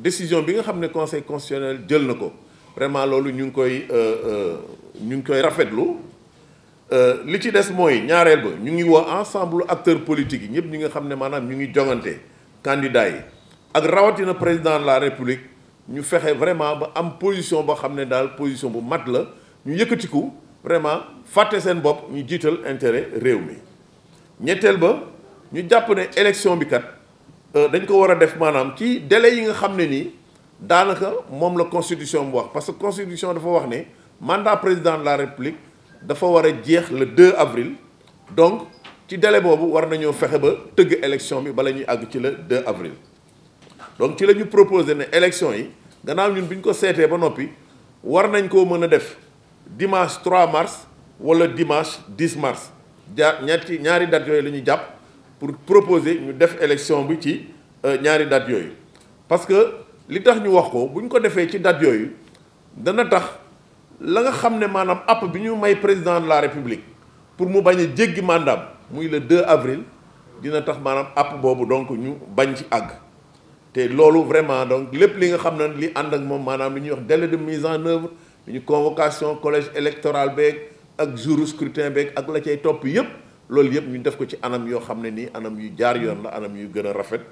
décision bi nga xam ne conseil constitutionnel jël na ko vraiment loolu ñu ngi koy euh, euh, ñu ngi koy rafetlu euh, li ci des mooy ñaareel ba ñu ngi woo ensemble acteur politiques yi ñëpp ñi nga xam ne maanaam ñu ngi jongante candidats yi ak rawatina président la république ñu fexe vraiment ba am position boo xam ne daal position bu mat la ñu yëkkatiku vraiment fàtte seen bopp ñu jiital intéret réew mi ñetteel ba ñu jàpp ne élection bi kat. Euh, dañ ko war a def maanaam ci délai yi nga xam ne nii daanaka moom la constitution bu wax parce que constitution dafa wax ne mandat président de la république dafa war a jeex la 2 avril donc ci délai boobu war nañoo fexe ba tëgg élection bi bala ñuy àgg ci le 2 donc ci la ñu proposé ne élection yi gannaaw ñun bi ñu ko seetee ba noppi war nañ koo mën a def dimanche trois mars wala dimanche 10 mars jaar ñetti ñaari dates yooyu la ñuy jàpp. pour proposer ñu def élection bi ci euh, ñaari date yooyu parce que li tax ñu wax ko bu ñu ko defee ci date yooyu dana tax la nga xam ne maanaam app bi ñu may président de la république pour mu bañ a jéggi mandaam muy le 2 avril dina tax maanaam app boobu donc ñu bañ ci àgg te loolu vraiment donc lépp li nga xam ne li ànd ak moom maanaam li ñuy wax delle de mise en œuvre li ñu convocation collège électoral beeg ak jour scrutin beeg ak la cay topp yépp loolu yëpp ñu def ko ci anam yoo xam ne nii anam yu jaar yoon la anam yu gën a rafet